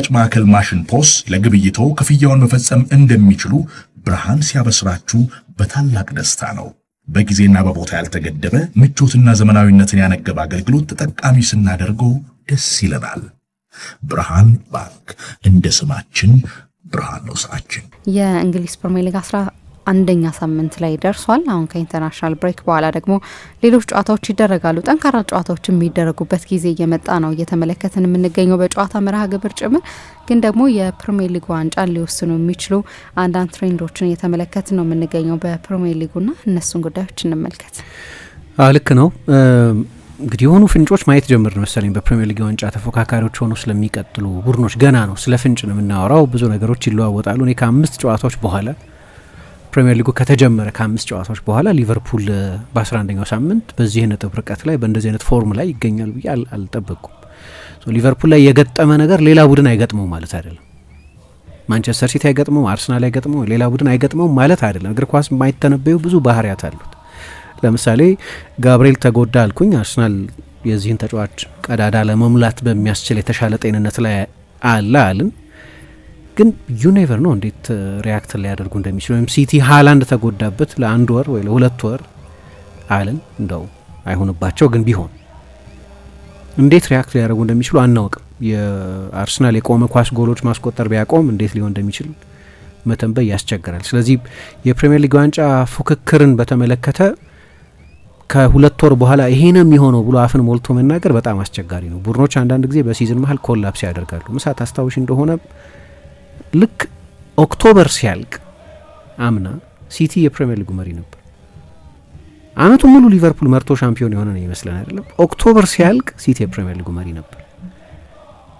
የሽያጭ ማዕከል ማሽን ፖስ ለግብይቶ ክፍያውን መፈጸም እንደሚችሉ ብርሃን ሲያበስራችሁ በታላቅ ደስታ ነው። በጊዜና በቦታ ያልተገደበ ምቾትና ዘመናዊነትን ያነገበ አገልግሎት ተጠቃሚ ስናደርገው ደስ ይለናል። ብርሃን ባንክ እንደ ስማችን ብርሃን ነው ስራችን። የእንግሊዝ ፕሪሚየር ሊግ አንደኛ ሳምንት ላይ ደርሷል። አሁን ከኢንተርናሽናል ብሬክ በኋላ ደግሞ ሌሎች ጨዋታዎች ይደረጋሉ። ጠንካራ ጨዋታዎች የሚደረጉበት ጊዜ እየመጣ ነው እየተመለከትን የምንገኘው በጨዋታ መርሃ ግብር ጭምር ግን ደግሞ የፕሪሚየር ሊጉ ዋንጫን ሊወስኑ የሚችሉ አንዳንድ ትሬንዶችን እየተመለከትን ነው የምንገኘው በፕሪሚየር ሊጉና እነሱን ጉዳዮች እንመልከት። ልክ ነው እንግዲህ የሆኑ ፍንጮች ማየት ጀምር ነው መሰለኝ በፕሪሚየር ሊግ ዋንጫ ተፎካካሪዎች ሆኖ ስለሚቀጥሉ ቡድኖች ገና ነው። ስለ ፍንጭ ነው የምናወራው። ብዙ ነገሮች ይለዋወጣሉ። እኔ ከአምስት ጨዋታዎች በኋላ ፕሪምየር ሊጉ ከተጀመረ ከአምስት ጨዋታዎች በኋላ ሊቨርፑል በ11ኛው ሳምንት በዚህ ነጥብ ርቀት ላይ በእንደዚህ አይነት ፎርም ላይ ይገኛል ብዬ አልጠበቅኩም። ሊቨርፑል ላይ የገጠመ ነገር ሌላ ቡድን አይገጥመው ማለት አይደለም። ማንቸስተር ሲቲ አይገጥመው፣ አርሰናል አይገጥመው፣ ሌላ ቡድን አይገጥመው ማለት አይደለም። እግር ኳስ የማይተነበዩ ብዙ ባህርያት አሉት። ለምሳሌ ጋብርኤል ተጎዳ አልኩኝ። አርሰናል የዚህን ተጫዋች ቀዳዳ ለመሙላት በሚያስችል የተሻለ ጤንነት ላይ አለ አልን ግን ዩኔቨር ነው እንዴት ሪያክት uh, ሊያደርጉ እንደሚችሉ ወይም ሲቲ ሀላንድ ተጎዳበት ለአንድ ወር ወይ ለሁለት ወር አለን እንደው አይሆንባቸው ግን ቢሆን እንዴት ሪያክት ሊያደርጉ እንደሚችሉ አናውቅም። የአርሰናል የቆመ ኳስ ጎሎች ማስቆጠር ቢያቆም እንዴት ሊሆን እንደሚችል መተንበይ ያስቸግራል። ስለዚህ የፕሪምየር ሊግ ዋንጫ ፉክክርን በተመለከተ ከሁለት ወር በኋላ ይሄ ነው የሚሆነው ብሎ አፍን ሞልቶ መናገር በጣም አስቸጋሪ ነው። ቡድኖች አንዳንድ ጊዜ በሲዝን መሀል ኮላፕስ ያደርጋሉ። ምሳት አስታውሽ እንደሆነ ልክ ኦክቶበር ሲያልቅ አምና ሲቲ የፕሪሚየር ሊጉ መሪ ነበር። አመቱ ሙሉ ሊቨርፑል መርቶ ሻምፒዮን የሆነ ነው ይመስለን አይደለም። ኦክቶበር ሲያልቅ ሲቲ የፕሪምየር ሊጉ መሪ ነበር።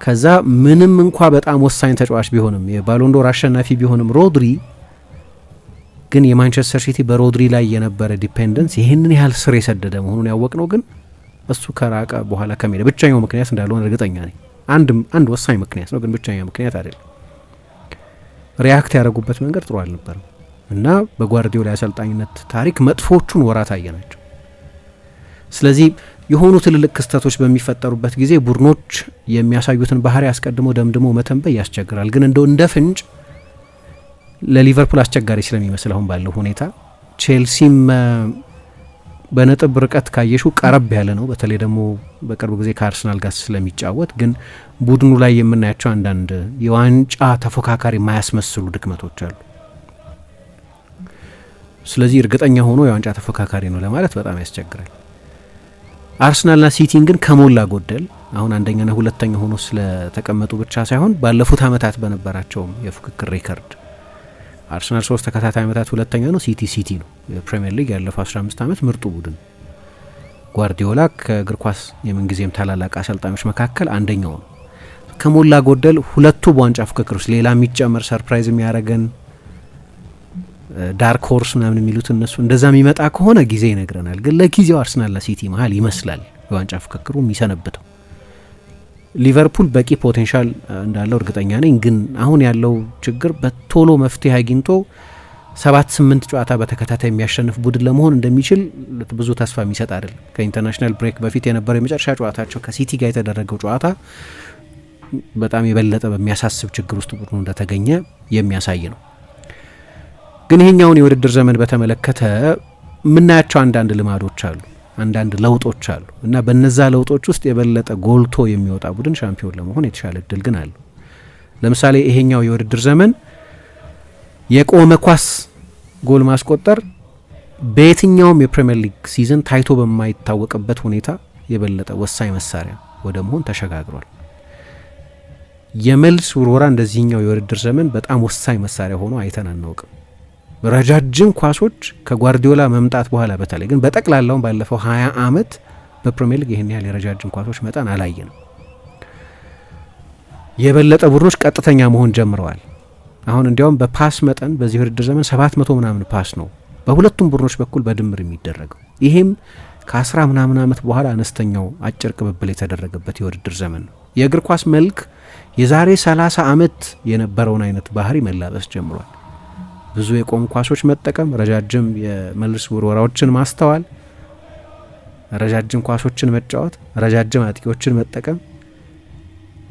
ከዛ ምንም እንኳ በጣም ወሳኝ ተጫዋች ቢሆንም የባሎንዶር አሸናፊ ቢሆንም ሮድሪ ግን የማንቸስተር ሲቲ በሮድሪ ላይ የነበረ ዲፔንደንስ ይህንን ያህል ስር የሰደደ መሆኑን ያወቅ ነው ግን እሱ ከራቀ በኋላ ከሜዳ ብቸኛው ምክንያት እንዳልሆነ እርግጠኛ ነኝ። አንድ ወሳኝ ምክንያት ነው ግን ብቸኛው ምክንያት አይደለም። ሪያክት ያደረጉበት መንገድ ጥሩ አልነበረም እና በጓርዲዮላ የአሰልጣኝነት ታሪክ መጥፎቹን ወራት አየ ናቸው። ስለዚህ የሆኑ ትልልቅ ክስተቶች በሚፈጠሩበት ጊዜ ቡድኖች የሚያሳዩትን ባህሪ አስቀድሞ ደምድሞ መተንበይ ያስቸግራል። ግን እንደው እንደ ፍንጭ ለሊቨርፑል አስቸጋሪ ስለሚመስል አሁን ባለው ሁኔታ ቼልሲም በነጥብ ርቀት ካየሹ ቀረብ ያለ ነው። በተለይ ደግሞ በቅርብ ጊዜ ከአርሰናል ጋር ስለሚጫወት ግን ቡድኑ ላይ የምናያቸው አንዳንድ የዋንጫ ተፎካካሪ የማያስመስሉ ድክመቶች አሉ። ስለዚህ እርግጠኛ ሆኖ የዋንጫ ተፎካካሪ ነው ለማለት በጣም ያስቸግራል። አርሰናልና ሲቲን ግን ከሞላ ጎደል አሁን አንደኛና ሁለተኛ ሆኖ ስለተቀመጡ ብቻ ሳይሆን ባለፉት ዓመታት በነበራቸውም የፉክክር ሪከርድ አርሰናል ሶስት ተከታታይ ዓመታት ሁለተኛ ነው። ሲቲ ሲቲ ነው። የፕሪምየር ሊግ ያለፈው 15 ዓመት ምርጡ ቡድን ጓርዲዮላ ከእግር ኳስ የምንጊዜም ታላላቅ አሰልጣኞች መካከል አንደኛው ነው። ከሞላ ጎደል ሁለቱ በዋንጫ ፍክክር ውስጥ ሌላ የሚጨመር ሰርፕራይዝ የሚያደርገን ዳርክ ሆርስ ምናምን የሚሉት እነሱ እንደዛ የሚመጣ ከሆነ ጊዜ ይነግረናል። ግን ለጊዜው አርሰናልና ሲቲ መሀል ይመስላል የዋንጫ ፍክክሩ የሚሰነብተው። ሊቨርፑል በቂ ፖቴንሻል እንዳለው እርግጠኛ ነኝ። ግን አሁን ያለው ችግር በቶሎ መፍትሄ አግኝቶ ሰባት ስምንት ጨዋታ በተከታታይ የሚያሸንፍ ቡድን ለመሆን እንደሚችል ብዙ ተስፋ የሚሰጥ አይደለም። ከኢንተርናሽናል ብሬክ በፊት የነበረው የመጨረሻ ጨዋታቸው ከሲቲ ጋር የተደረገው ጨዋታ በጣም የበለጠ በሚያሳስብ ችግር ውስጥ ቡድኑ እንደተገኘ የሚያሳይ ነው። ግን ይሄኛውን የውድድር ዘመን በተመለከተ የምናያቸው አንዳንድ ልማዶች አሉ። አንዳንድ ለውጦች አሉ እና በነዛ ለውጦች ውስጥ የበለጠ ጎልቶ የሚወጣ ቡድን ሻምፒዮን ለመሆን የተሻለ እድል ግን አለ። ለምሳሌ ይሄኛው የውድድር ዘመን የቆመ ኳስ ጎል ማስቆጠር በየትኛውም የፕሪምየር ሊግ ሲዝን ታይቶ በማይታወቅበት ሁኔታ የበለጠ ወሳኝ መሳሪያ ወደ መሆን ተሸጋግሯል። የመልስ ውርወራ እንደዚህኛው የውድድር ዘመን በጣም ወሳኝ መሳሪያ ሆኖ አይተን አናውቅም። ረጃጅም ኳሶች ከጓርዲዮላ መምጣት በኋላ በተለይ ግን በጠቅላላውን ባለፈው 20 ዓመት በፕሪሚየር ሊግ ይህን ያህል የረጃጅም ኳሶች መጠን አላየንም። የበለጠ ቡድኖች ቀጥተኛ መሆን ጀምረዋል። አሁን እንዲያውም በፓስ መጠን በዚህ ውድድር ዘመን ሰ7መቶ ምናምን ፓስ ነው በሁለቱም ቡድኖች በኩል በድምር የሚደረገው። ይሄም ከአስራ ምናምን ዓመት በኋላ አነስተኛው አጭር ቅብብል የተደረገበት የውድድር ዘመን ነው። የእግር ኳስ መልክ የዛሬ 30 ዓመት የነበረውን አይነት ባህሪ መላበስ ጀምሯል። ብዙ የቆሙ ኳሶች መጠቀም፣ ረጃጅም የመልስ ውርወራዎችን ማስተዋል፣ ረጃጅም ኳሶችን መጫወት፣ ረጃጅም አጥቂዎችን መጠቀም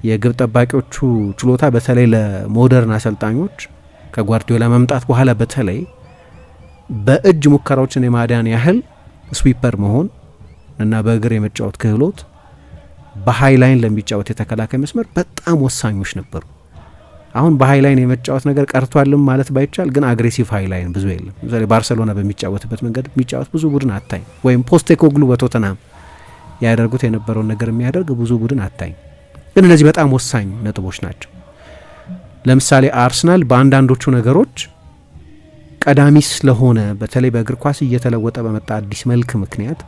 የግብ ጠባቂዎቹ ችሎታ በተለይ ለሞደርን አሰልጣኞች ከጓርዲዮላ መምጣት በኋላ በተለይ በእጅ ሙከራዎችን የማዳን ያህል ስዊፐር መሆን እና በእግር የመጫወት ክህሎት በሀይ ላይን ለሚጫወት የተከላካይ መስመር በጣም ወሳኞች ነበሩ። አሁን በሀይላይን የመጫወት ነገር ቀርቷልም ማለት ባይቻል ግን አግሬሲቭ ሀይላይን ብዙ የለም። ለምሳሌ ባርሰሎና በሚጫወትበት መንገድ የሚጫወት ብዙ ቡድን አታኝ፣ ወይም ፖስቴኮግሉ በቶተናም ያደርጉት የነበረውን ነገር የሚያደርግ ብዙ ቡድን አታኝ። ግን እነዚህ በጣም ወሳኝ ነጥቦች ናቸው። ለምሳሌ አርሰናል በአንዳንዶቹ ነገሮች ቀዳሚ ስለሆነ በተለይ በእግር ኳስ እየተለወጠ በመጣ አዲስ መልክ ምክንያት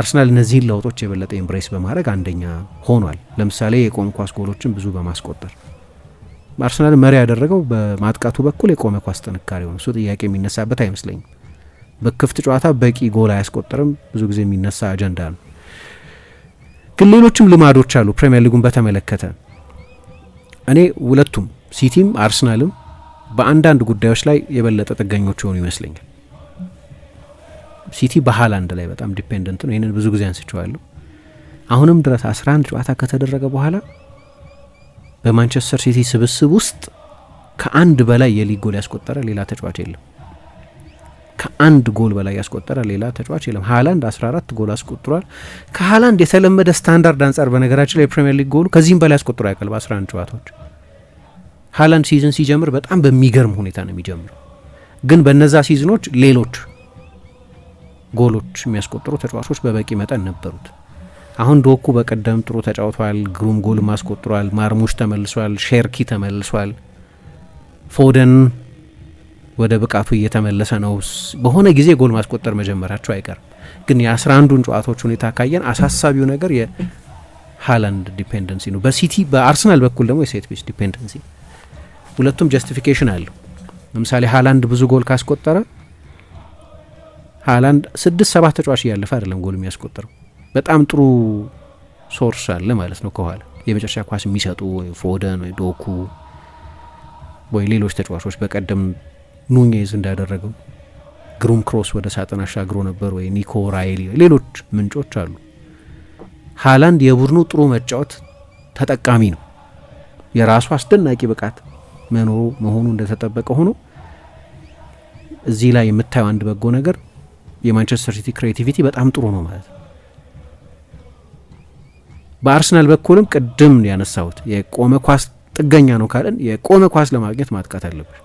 አርሰናል እነዚህን ለውጦች የበለጠ ኤምብሬስ በማድረግ አንደኛ ሆኗል። ለምሳሌ የቆም ኳስ ጎሎችን ብዙ በማስቆጠር አርሰናል መሪ ያደረገው በማጥቃቱ በኩል የቆመ ኳስ ጥንካሬ ነው። እሱ ጥያቄ የሚነሳበት አይመስለኝም። በክፍት ጨዋታ በቂ ጎል አያስቆጠርም፣ ብዙ ጊዜ የሚነሳ አጀንዳ ነው። ግን ሌሎችም ልማዶች አሉ። ፕሪሚየር ሊጉን በተመለከተ እኔ ሁለቱም ሲቲም አርሰናልም በአንዳንድ ጉዳዮች ላይ የበለጠ ጥገኞች የሆኑ ይመስለኛል። ሲቲ በሃላንድ ላይ በጣም ዲፔንደንት ነው። ይህንን ብዙ ጊዜ አንስቸዋለሁ። አሁንም ድረስ 11 ጨዋታ ከተደረገ በኋላ በማንቸስተር ሲቲ ስብስብ ውስጥ ከአንድ በላይ የሊግ ጎል ያስቆጠረ ሌላ ተጫዋች የለም። ከአንድ ጎል በላይ ያስቆጠረ ሌላ ተጫዋች የለም። ሀላንድ 14 ጎል አስቆጥሯል። ከሀላንድ የተለመደ ስታንዳርድ አንጻር በነገራችን ላይ የፕሪምየር ሊግ ጎሉ ከዚህም በላይ አስቆጥሮ ያውቃል በ11 ጨዋታዎች። ሀላንድ ሲዝን ሲጀምር በጣም በሚገርም ሁኔታ ነው የሚጀምረው፣ ግን በነዛ ሲዝኖች ሌሎች ጎሎች የሚያስቆጥሩ ተጫዋቾች በበቂ መጠን ነበሩት። አሁን ዶኩ በቀደም ጥሩ ተጫውቷል። ግሩም ጎል ማስቆጥሯል። ማርሙሽ ተመልሷል። ሼርኪ ተመልሷል። ፎደን ወደ ብቃቱ እየተመለሰ ነው። በሆነ ጊዜ ጎል ማስቆጠር መጀመራቸው አይቀርም። ግን የአስራ አንዱን ጨዋታዎች ሁኔታ ካየን አሳሳቢው ነገር የሃላንድ ዲፔንደንሲ ነው። በሲቲ በአርሰናል በኩል ደግሞ የሴት ፒስ ዲፔንደንሲ፣ ሁለቱም ጀስቲፊኬሽን አለው። ለምሳሌ ሃላንድ ብዙ ጎል ካስቆጠረ ሃላንድ ስድስት ሰባት ተጫዋች እያለፈ አይደለም ጎል የሚያስቆጥረው በጣም ጥሩ ሶርስ አለ ማለት ነው ከኋላ የመጨረሻ ኳስ የሚሰጡ ፎደን ወይ ዶኩ ወይ ሌሎች ተጫዋቾች በቀደም ኑኜዝ እንዳደረገው ግሩም ክሮስ ወደ ሳጥን አሻግሮ ነበር ወይ ኒኮ ራይሊ ሌሎች ምንጮች አሉ። ሀላንድ የቡድኑ ጥሩ መጫወት ተጠቃሚ ነው። የራሱ አስደናቂ ብቃት መኖሩ መሆኑ እንደተጠበቀ ሆኖ እዚህ ላይ የምታየው አንድ በጎ ነገር የማንቸስተር ሲቲ ክሬቲቪቲ በጣም ጥሩ ነው ማለት ነው። በአርሰናል በኩልም ቅድም ያነሳሁት የቆመ ኳስ ጥገኛ ነው ካለን የቆመ ኳስ ለማግኘት ማጥቃት አለብን።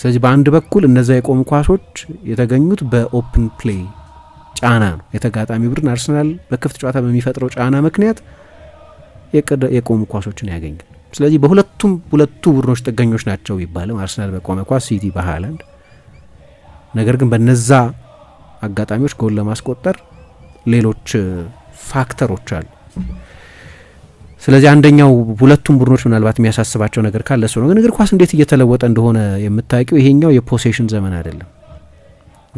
ስለዚህ በአንድ በኩል እነዛ የቆሙ ኳሶች የተገኙት በኦፕን ፕሌይ ጫና ነው። የተጋጣሚ ቡድን አርሰናል በክፍት ጨዋታ በሚፈጥረው ጫና ምክንያት የቆሙ ኳሶችን ያገኛል። ስለዚህ በሁለቱም ሁለቱ ቡድኖች ጥገኞች ናቸው ቢባልም አርሰናል በቆመ ኳስ፣ ሲቲ በሃላንድ ነገር ግን በነዛ አጋጣሚዎች ጎል ለማስቆጠር ሌሎች ፋክተሮች አሉ። ስለዚህ አንደኛው ሁለቱም ቡድኖች ምናልባት የሚያሳስባቸው ነገር ካለ እሱ ነው። ግን እግር ኳስ እንዴት እየተለወጠ እንደሆነ የምታውቂው ይሄኛው የፖሴሽን ዘመን አይደለም።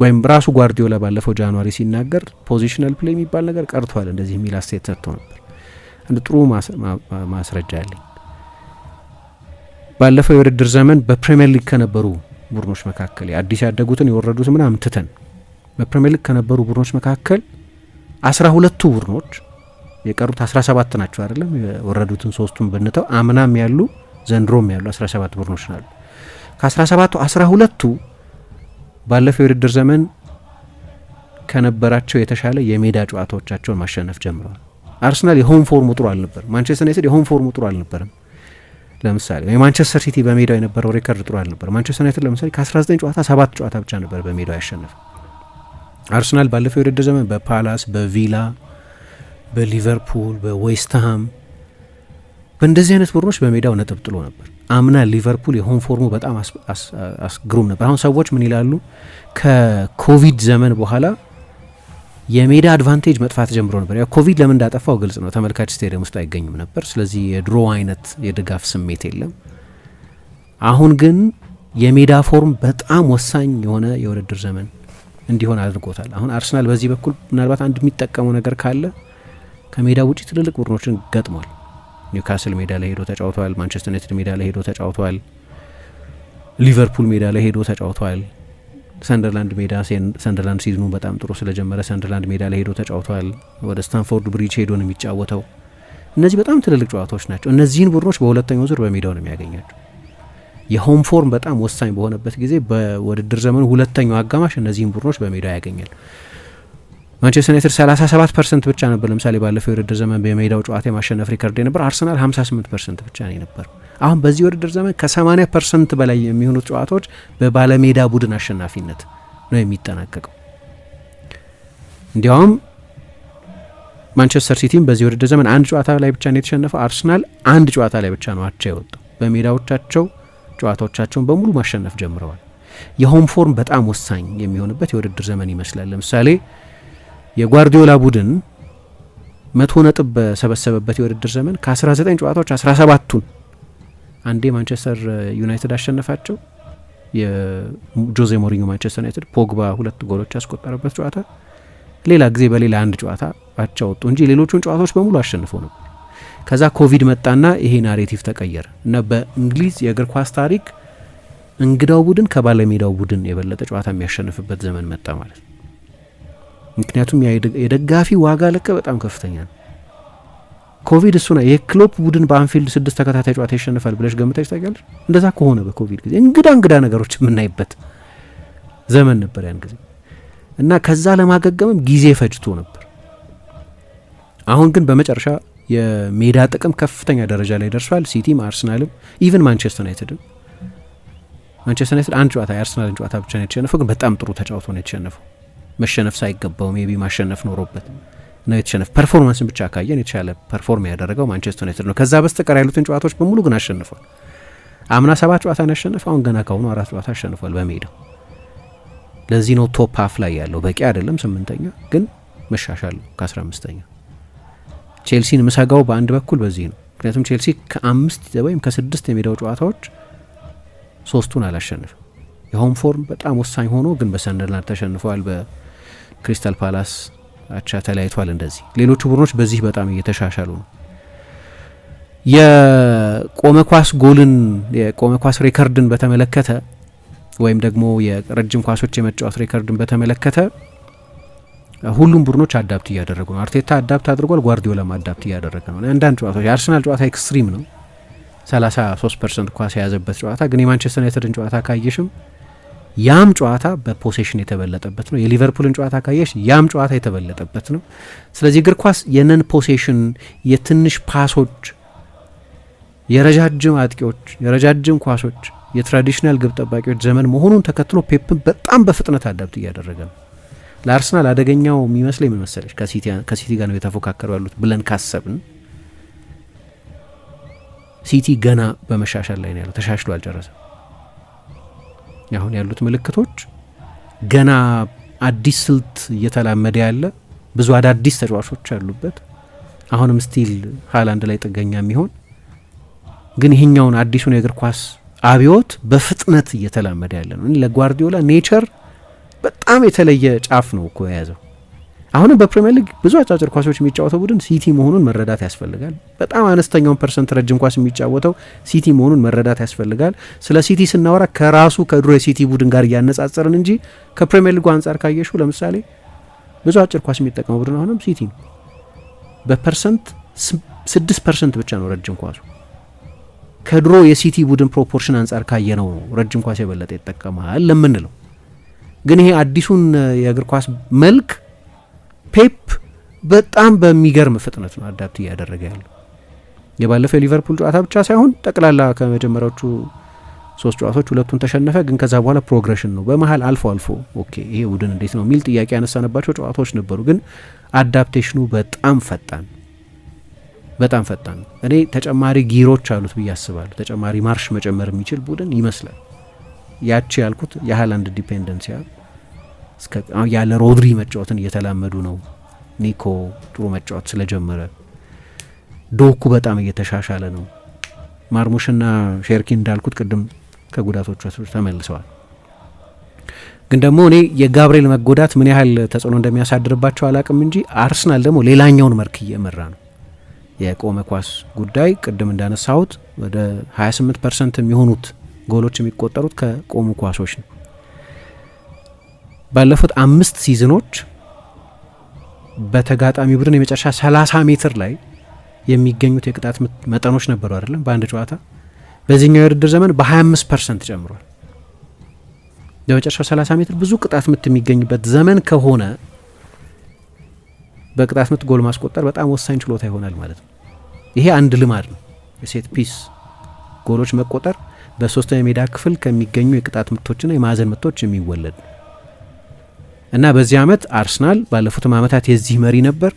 ወይም ራሱ ጓርዲዮላ ባለፈው ጃንዋሪ ሲናገር ፖዚሽናል ፕሌይ የሚባል ነገር ቀርቷል እንደዚህ የሚል አስተያየት ሰጥቶ ነበር። አንድ ጥሩ ማስረጃ ያለኝ ባለፈው የውድድር ዘመን በፕሪምየር ሊግ ከነበሩ ቡድኖች መካከል አዲስ ያደጉትን የወረዱት ምናምን ትተን በፕሪምየር ሊግ ከነበሩ ቡድኖች መካከል አስራ ሁለቱ ቡድኖች የቀሩት 17 ናቸው አይደለም። የወረዱትን ሶስቱን ብንተው አምናም ያሉ ዘንድሮም ያሉ 17 ቡድኖች ናሉ። ከ17ቱ 12ቱ ባለፈው የውድድር ዘመን ከነበራቸው የተሻለ የሜዳ ጨዋታዎቻቸውን ማሸነፍ ጀምረዋል። አርሰናል የሆም ፎርሙ ጥሩ አልነበርም። ማንቸስተር ዩናይትድ የሆም ፎርሙ ጥሩ አልነበርም። ለምሳሌ የማንቸስተር ሲቲ በሜዳው የነበረው ሬከርድ ጥሩ አልነበር ማንቸስተር ዩናይትድ ለምሳሌ ከ19 ጨዋታ ሰባት ጨዋታ ብቻ ነበር በሜዳው ያሸነፈ። አርሰናል ባለፈው የውድድር ዘመን በፓላስ በቪላ በሊቨርፑል በዌስትሃም በእንደዚህ አይነት ቡድኖች በሜዳው ነጥብ ጥሎ ነበር። አምና ሊቨርፑል የሆም ፎርሙ በጣም አስግሩም ነበር። አሁን ሰዎች ምን ይላሉ? ከኮቪድ ዘመን በኋላ የሜዳ አድቫንቴጅ መጥፋት ጀምሮ ነበር። ያው ኮቪድ ለምን እንዳጠፋው ግልጽ ነው። ተመልካች ስቴዲየም ውስጥ አይገኝም ነበር። ስለዚህ የድሮ አይነት የድጋፍ ስሜት የለም። አሁን ግን የሜዳ ፎርም በጣም ወሳኝ የሆነ የውድድር ዘመን እንዲሆን አድርጎታል። አሁን አርሰናል በዚህ በኩል ምናልባት አንድ የሚጠቀመው ነገር ካለ ከሜዳ ውጪ ትልልቅ ቡድኖችን ገጥሟል። ኒውካስል ሜዳ ላይ ሄዶ ተጫውተዋል። ማንቸስተር ዩናይትድ ሜዳ ላይ ሄዶ ተጫውተዋል። ሊቨርፑል ሜዳ ላይ ሄዶ ተጫውተዋል። ሰንደርላንድ ሜዳ ሰንደርላንድ ሲዝኑ በጣም ጥሩ ስለጀመረ ሰንደርላንድ ሜዳ ላይ ሄዶ ተጫውተዋል። ወደ ስታንፎርድ ብሪጅ ሄዶ ነው የሚጫወተው። እነዚህ በጣም ትልልቅ ጨዋታዎች ናቸው። እነዚህን ቡድኖች በሁለተኛው ዙር በሜዳው ነው የሚያገኛቸው። የሆም ፎርም በጣም ወሳኝ በሆነበት ጊዜ በውድድር ዘመኑ ሁለተኛው አጋማሽ እነዚህን ቡድኖች በሜዳው ያገኛል። ማንቸስተር ዩናይትድ 37 ፐርሰንት ብቻ ነበር ለምሳሌ ባለፈው የውድድር ዘመን በሜዳው ጨዋታ የማሸነፍ ሪከርድ የነበር አርሰናል 58 ፐርሰንት ብቻ ነው የነበረው። አሁን በዚህ ውድድር ዘመን ከ80 ፐርሰንት በላይ የሚሆኑት ጨዋታዎች በባለሜዳ ቡድን አሸናፊነት ነው የሚጠናቀቀው። እንዲያውም ማንቸስተር ሲቲም በዚህ ውድድር ዘመን አንድ ጨዋታ ላይ ብቻ ነው የተሸነፈው። አርሰናል አንድ ጨዋታ ላይ ብቻ ነው አቻ የወጣው። በሜዳዎቻቸው ጨዋታዎቻቸውን በሙሉ ማሸነፍ ጀምረዋል። የሆም ፎርም በጣም ወሳኝ የሚሆንበት የውድድር ዘመን ይመስላል። ለምሳሌ የጓርዲዮላ ቡድን መቶ ነጥብ በሰበሰበበት የውድድር ዘመን ከ19 ጨዋታዎች 17ቱን አንዴ ማንቸስተር ዩናይትድ አሸነፋቸው። የጆዜ ሞሪኞ ማንቸስተር ዩናይትድ ፖግባ ሁለት ጎሎች ያስቆጠረበት ጨዋታ፣ ሌላ ጊዜ በሌላ አንድ ጨዋታ አቻ ወጡ እንጂ ሌሎቹን ጨዋታዎች በሙሉ አሸንፎ ነው። ከዛ ኮቪድ መጣና ይሄ ናሬቲቭ ተቀየረ እና በእንግሊዝ የእግር ኳስ ታሪክ እንግዳው ቡድን ከባለሜዳው ቡድን የበለጠ ጨዋታ የሚያሸንፍበት ዘመን መጣ ማለት ነው። ምክንያቱም የደጋፊ ዋጋ ልክ በጣም ከፍተኛ ነው። ኮቪድ ነው። የክሎፕ ቡድን በአንፊልድ ስድስት ተከታታይ ጨዋታ ይሸንፋል ብለሽ ገምታች ታውቂያለሽ? እንደዛ ከሆነ በኮቪድ ጊዜ እንግዳ እንግዳ ነገሮች የምናይበት ዘመን ነበር ያን ጊዜ እና ከዛ ለማገገምም ጊዜ ፈጅቶ ነበር። አሁን ግን በመጨረሻ የሜዳ ጥቅም ከፍተኛ ደረጃ ላይ ደርሷል። ሲቲም አርሰናልም ኢቨን ማንቸስተር ዩናይትድም ማንቸስተር ዩናይትድ አንድ ጨዋታ የአርሰናልን ጨዋታ ብቻ ነው የተሸነፈው፣ ግን በጣም ጥሩ ተጫውቶ ነው የተሸነፈው። መሸነፍ ሳይገባው ሜቢ ማሸነፍ ኖሮበት ነው የተሸነፈ። ፐርፎርማንስን ብቻ ካየን የተሻለ ፐርፎርም ያደረገው ማንቸስተር ዩናይትድ ነው። ከዛ በስተቀር ያሉትን ጨዋታዎች በሙሉ ግን አሸንፏል። አምና ሰባት ጨዋታ ነው አሁን ገና ከሆኑ አራት ጨዋታ አሸንፏል በሜዳው። ለዚህ ነው ቶፕ ሀፍ ላይ ያለው። በቂ አይደለም ስምንተኛ፣ ግን መሻሻል ከአስራ አምስተኛ ቼልሲን ምሰጋው በአንድ በኩል በዚህ ነው። ምክንያቱም ቼልሲ ከአምስት ወይም ከስድስት የሜዳው ጨዋታዎች ሶስቱን አላሸንፍም። የሆም ፎርም በጣም ወሳኝ ሆኖ ግን በሰንደርላንድ ተሸንፈዋል። ክሪስታል ፓላስ አቻ ተለያይቷል። እንደዚህ ሌሎቹ ቡድኖች በዚህ በጣም እየተሻሻሉ ነው። የቆመ ኳስ ጎልን የቆመ ኳስ ሬከርድን በተመለከተ ወይም ደግሞ የረጅም ኳሶች የመጫወት ሬከርድን በተመለከተ ሁሉም ቡድኖች አዳፕት እያደረጉ ነው። አርቴታ አዳፕት አድርጓል። ጓርዲዮላም አዳፕት እያደረገ ነው። አንዳንድ ጨዋታዎች የአርሰናል ጨዋታ ኤክስትሪም ነው። 33 ፐርሰንት ኳስ የያዘበት ጨዋታ ግን የማንቸስተር ዩናይትድን ጨዋታ ካየሽም ያም ጨዋታ በፖሴሽን የተበለጠበት ነው። የሊቨርፑልን ጨዋታ ካየሽ ያም ጨዋታ የተበለጠበት ነው። ስለዚህ እግር ኳስ የነን ፖሴሽን የትንሽ ፓሶች፣ የረጃጅም አጥቂዎች፣ የረጃጅም ኳሶች፣ የትራዲሽናል ግብ ጠባቂዎች ዘመን መሆኑን ተከትሎ ፔፕን በጣም በፍጥነት አዳብት እያደረገ ነው። ለአርሰናል አደገኛው የሚመስለኝ ምን መሰለሽ፣ ከሲቲ ጋር ነው የተፎካከሩ ያሉት ብለን ካሰብን ሲቲ ገና በመሻሻል ላይ ነው ያለው፣ ተሻሽሎ አልጨረሰም። አሁን ያሉት ምልክቶች ገና አዲስ ስልት እየተላመደ ያለ ብዙ አዳዲስ ተጫዋቾች ያሉበት አሁንም ስቲል ሀላንድ ላይ ጥገኛ የሚሆን ግን ይህኛውን አዲሱን የእግር ኳስ አብዮት በፍጥነት እየተላመደ ያለ ነው። ለጓርዲዮላ ኔቸር በጣም የተለየ ጫፍ ነው እኮ የያዘው። አሁንም በፕሪሚየር ሊግ ብዙ አጫጭር ኳሶች የሚጫወተው ቡድን ሲቲ መሆኑን መረዳት ያስፈልጋል። በጣም አነስተኛውን ፐርሰንት ረጅም ኳስ የሚጫወተው ሲቲ መሆኑን መረዳት ያስፈልጋል። ስለ ሲቲ ስናወራ ከራሱ ከድሮ የሲቲ ቡድን ጋር እያነጻጸርን እንጂ ከፕሪሚየር ሊጉ አንጻር ካየሹ ለምሳሌ ብዙ አጭር ኳስ የሚጠቀመው ቡድን አሁንም ሲቲ ነው። በፐርሰንት ስድስት ፐርሰንት ብቻ ነው ረጅም ኳሱ ከድሮ የሲቲ ቡድን ፕሮፖርሽን አንጻር ካየነው ነው ረጅም ኳስ የበለጠ ይጠቀማል ለምንለው። ግን ይሄ አዲሱን የእግር ኳስ መልክ ፔፕ በጣም በሚገርም ፍጥነት ነው አዳፕት እያደረገ ያለው። የባለፈው የሊቨርፑል ጨዋታ ብቻ ሳይሆን ጠቅላላ ከመጀመሪያዎቹ ሶስት ጨዋታዎች ሁለቱን ተሸነፈ፣ ግን ከዛ በኋላ ፕሮግሬሽን ነው። በመሀል አልፎ አልፎ ኦኬ ይሄ ቡድን እንዴት ነው የሚል ጥያቄ ያነሳነባቸው ጨዋታዎች ነበሩ፣ ግን አዳፕቴሽኑ በጣም ፈጣን በጣም ፈጣን ነው። እኔ ተጨማሪ ጊሮች አሉት ብዬ አስባለሁ። ተጨማሪ ማርሽ መጨመር የሚችል ቡድን ይመስላል። ያቺ ያልኩት የሀላንድ ዲፔንደንሲ ያለ ሮድሪ መጫወትን እየተላመዱ ነው። ኒኮ ጥሩ መጫወት ስለጀመረ ዶኩ በጣም እየተሻሻለ ነው። ማርሙሽና ሼርኪ እንዳልኩት ቅድም ከጉዳቶቹ ተመልሰዋል። ግን ደግሞ እኔ የጋብርኤል መጎዳት ምን ያህል ተጽዕኖ እንደሚያሳድርባቸው አላቅም እንጂ አርሰናል ደግሞ ሌላኛውን መርክ እየመራ ነው። የቆመ ኳስ ጉዳይ ቅድም እንዳነሳሁት ወደ 28 ፐርሰንት የሚሆኑት ጎሎች የሚቆጠሩት ከቆሙ ኳሶች ነው። ባለፉት አምስት ሲዝኖች በተጋጣሚ ቡድን የመጨረሻ 30 ሜትር ላይ የሚገኙት የቅጣት መጠኖች ነበሩ አይደለም በአንድ ጨዋታ። በዚህኛው የውድድር ዘመን በ25 ፐርሰንት ጨምሯል። ለመጨረሻው 30 ሜትር ብዙ ቅጣት ምት የሚገኝበት ዘመን ከሆነ በቅጣት ምት ጎል ማስቆጠር በጣም ወሳኝ ችሎታ ይሆናል ማለት ነው። ይሄ አንድ ልማድ ነው። የሴት ፒስ ጎሎች መቆጠር በሶስተኛ የሜዳ ክፍል ከሚገኙ የቅጣት ምቶችና የማዕዘን ምቶች የሚወለድ ነው። እና በዚህ ዓመት አርሰናል ባለፉትም ዓመታት የዚህ መሪ ነበር።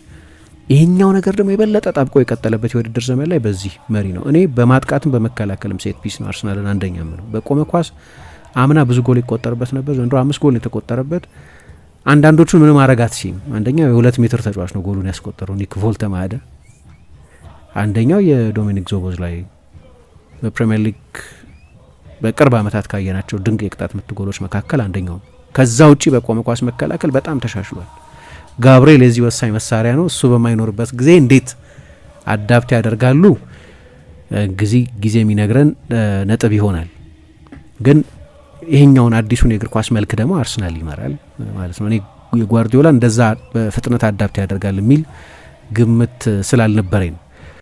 ይሄኛው ነገር ደግሞ የበለጠ ጣብቆ የቀጠለበት የውድድር ዘመን ላይ በዚህ መሪ ነው። እኔ በማጥቃትም በመከላከልም ሴት ፒስ ነው አርሰናልን አንደኛ ምነው። በቆመ ኳስ አምና ብዙ ጎል ይቆጠርበት ነበር። ዘንድሮ አምስት ጎል የተቆጠረበት አንዳንዶቹ ምንም አረጋት ሲም አንደኛው የሁለት ሜትር ተጫዋች ነው ጎሉን ያስቆጠረው ኒክ ቮልተ ማደ አንደኛው የዶሚኒክ ዞቦዝ ላይ በፕሪሚየር ሊግ በቅርብ ዓመታት ካየናቸው ድንቅ የቅጣት ምት ጎሎች መካከል አንደኛው ነው። ከዛ ውጪ በቆመ ኳስ መከላከል በጣም ተሻሽሏል። ጋብርኤል የዚህ ወሳኝ መሳሪያ ነው። እሱ በማይኖርበት ጊዜ እንዴት አዳፕት ያደርጋሉ ጊዜ ጊዜ የሚነግረን ነጥብ ይሆናል። ግን ይሄኛውን አዲሱን የእግር ኳስ መልክ ደግሞ አርሰናል ይመራል ማለት ነው። እኔ የጓርዲዮላ እንደዛ በፍጥነት አዳፕት ያደርጋል የሚል ግምት ስላልነበረኝ ነው።